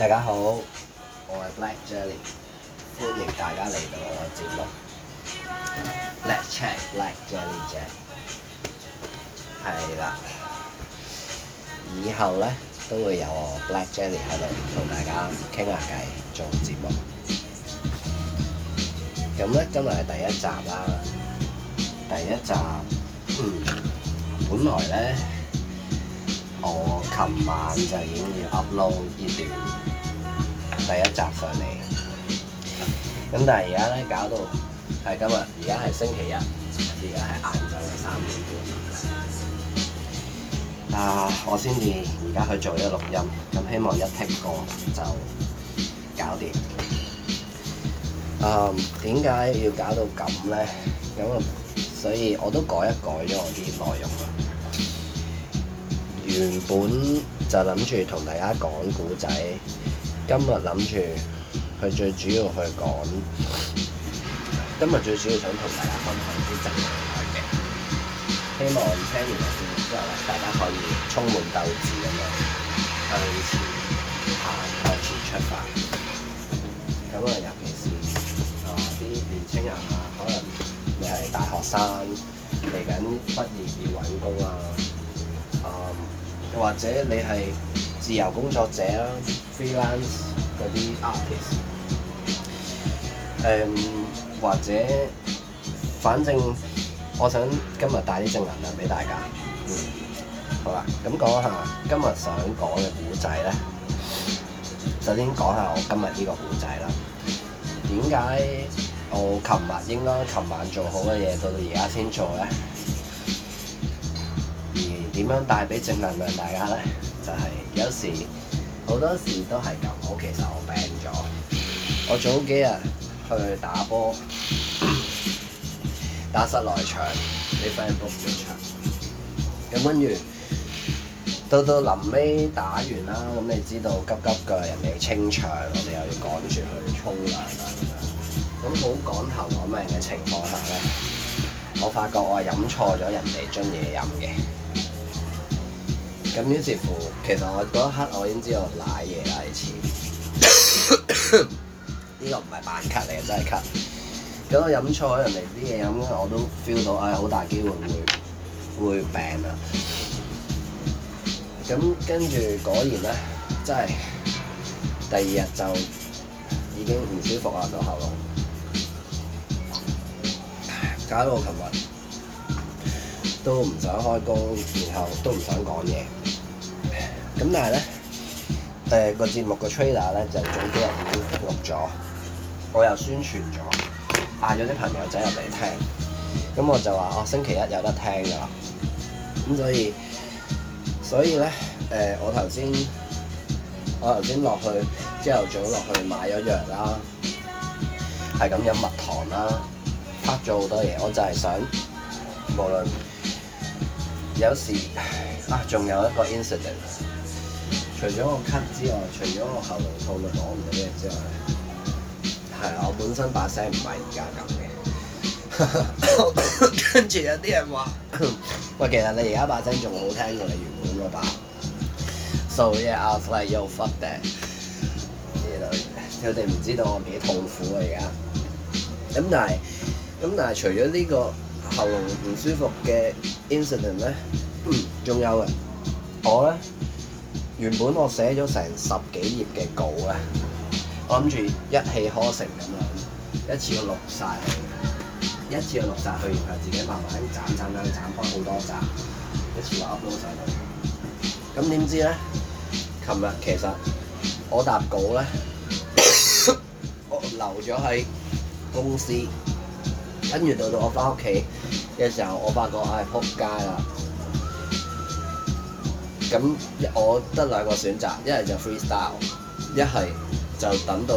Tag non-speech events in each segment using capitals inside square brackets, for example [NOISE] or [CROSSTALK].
大家好，我係 Black Jelly，歡迎大家嚟到我嘅節目。Let's check Black Jelly check 係啦。以後咧都會有我 Black Jelly 喺度同大家傾下偈，做節目。咁咧今日係第一集啦，第一集，嗯，本來咧。我琴、哦、晚就已經要 upload 呢段第一集上嚟，咁但係而家咧搞到係、啊、今日，而家係星期日，而家係晏晝嘅三點半。啊，我先至而家去做啲錄音，咁希望一聽過就搞掂。誒、啊，點解要搞到咁咧？咁所以我都改一改咗我啲內容。原本就諗住同大家講古仔，今日諗住佢最主要去講，今日最主要想同大家分享啲正能量嘅，希望聽完我啲嘢之後，大家可以充滿鬥志咁樣向前行、啊，向前出發。咁啊，尤其是啊啲年青人啊，可能你係大學生，嚟緊畢業要搵工啊，啊～又或者你係自由工作者啦 [MUSIC] freelance 嗰啲 artist，誒、嗯，或者，反正，我想今日帶啲正能量俾大家，嗯，好啦，咁講下今日想講嘅古仔咧。首先講下我今日呢個古仔啦。點解我琴日應該琴晚做好嘅嘢，到到而家先做咧？點樣帶俾正能量大家咧？就係、是、有時好多時都係咁，我其實我病咗。我早幾日去打波，打室內場，你 friend book 咗場。咁跟住到到臨尾打完啦，咁你知道急急腳，人哋清場，我哋又要趕住去沖涼啦。咁好趕頭趕命嘅情況下咧，我發覺我係飲錯咗人哋樽嘢飲嘅。咁於是乎，其實我嗰一刻我已經知道奶嘢喇呢次，呢個唔係扮咳嚟，嘅，真係咳。咁 [COUGHS] [COUGHS] 我飲錯人哋啲嘢飲，我都 feel 到，唉、哎，好大機會會會病啊！咁跟住果然咧，真係第二日就已經唔舒服硬到喉嚨，搞到我琴日都唔想開工，然後都唔想講嘢。咁但係咧，誒、呃個節目個 trailer 咧就早幾日已經錄咗，我又宣傳咗，嗌咗啲朋友仔入嚟聽，咁我就話哦，星期一有得聽噶啦，咁所以，所以咧，誒我頭先，我頭先落去朝頭早落去買咗藥啦、啊，係咁飲蜜糖啦、啊、拍咗好多嘢，我就係想，無論，有時啊，仲有一個 incident。除咗我咳之外，除咗我喉嚨痛，我講唔到嘢之外，係啦，我本身把聲唔係而家咁嘅， [LAUGHS] 跟住有啲人話，喂，其實你而家把聲仲好聽過你原本嘅吧？So yes,yeah, I will fight. 你哋，你哋唔知道我幾痛苦啊！而家，咁但係，咁但係，除咗呢個喉嚨唔舒服嘅 incident 咧，仲有啊，我咧。原本我寫咗成十幾頁嘅稿啊，我諗住一氣呵成咁樣，一次過錄晒，一次過錄曬佢，然後自己慢慢斬斬斬斬開好多集，一次話 upload 曬。咁點知咧？琴日其實我沓稿咧， [LAUGHS] [LAUGHS] 我留咗喺公司，跟住到到我翻屋企嘅時候，我發覺唉撲街啦！咁我得兩個選擇，一係就 freestyle，一係就等到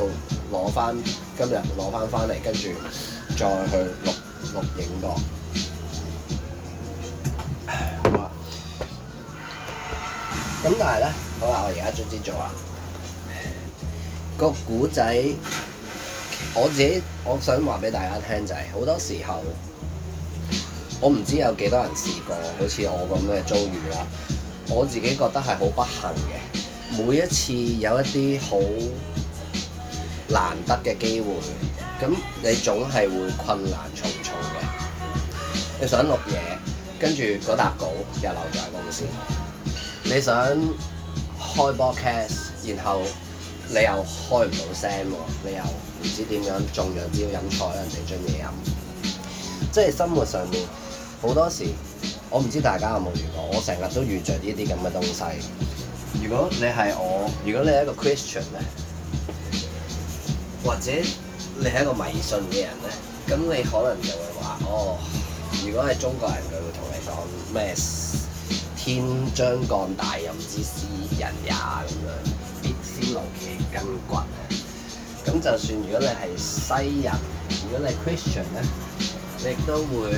攞翻今日攞翻翻嚟，跟住再去錄錄影咯。好啦，咁但係咧，好啦，我而家終於做啦。個古仔我自己我想話俾大家聽就係、是，好多時候我唔知有幾多人試過好似我咁嘅遭遇啦。我自己覺得係好不幸嘅，每一次有一啲好難得嘅機會，咁你總係會困難重重嘅。你想錄嘢，跟住嗰沓稿又留在公司。你想開 podcast，然後你又開唔到聲喎，你又唔知點樣重陽椒飲錯喺人哋樽嘢飲，即係生活上面好多時。我唔知大家有冇遇過，我成日都遇着呢啲咁嘅東西。如果你係我，如果你係一個 Christian 咧，或者你係一個迷信嘅人咧，咁你可能就會話：哦，如果係中國人，佢會同你講咩天將降大任於斯人也咁樣，必先勞其筋骨啊。咁就算如果你係西人，如果你係 Christian 咧，你都會。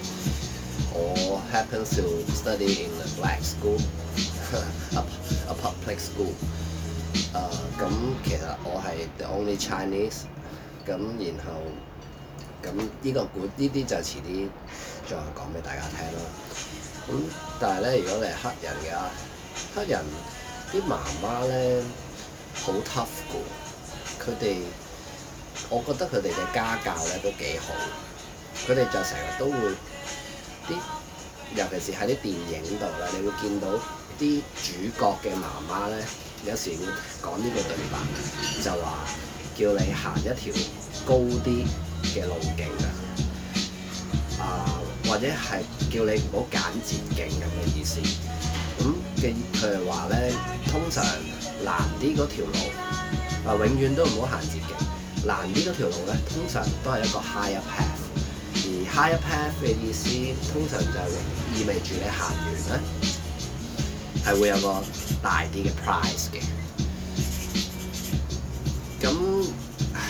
我 happens to study in the black school，a public school。咁、呃，其實我係 the only Chinese，咁然後咁呢、這個管呢啲就遲啲再講俾大家聽啦。咁、嗯、但係咧，如果你係黑人嘅啊，黑人啲媽媽咧好 tough 嘅，佢哋我覺得佢哋嘅家教咧都幾好，佢哋就成日都會。啲尤其是喺啲電影度啦，你會見到啲主角嘅媽媽咧，有時會講呢個對白，就話叫你行一條高啲嘅路徑啊，啊、呃、或者係叫你唔好揀捷徑咁嘅意思。咁嘅佢係話咧，通常難啲嗰條路啊，永遠都唔好行捷徑。難啲嗰條路咧，通常都係一個 high up 而 higher path 嘅意思通常就係意味住你行完咧係會有個大啲嘅 price 嘅。咁，唉，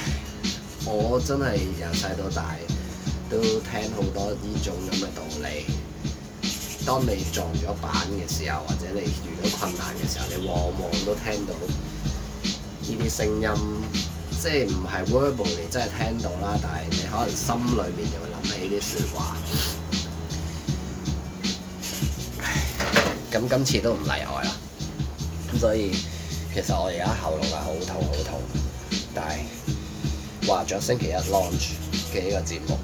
我真係由細到大都聽好多呢種咁嘅道理。當你撞咗板嘅時候，或者你遇到困難嘅時候，你往往都聽到呢啲聲音。即係唔係 verbal，你真係聽到啦，但係你可能心裏邊就會諗起啲説話。咁今次都唔例外啦。咁所以其實我而家喉嚨係好痛好痛，但係話咗星期一 launch 嘅呢個節目，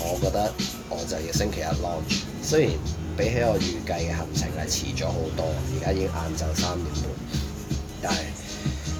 我覺得我就要星期一 launch。雖然比起我預計嘅行程係遲咗好多，而家已經晏晝三點半，但係。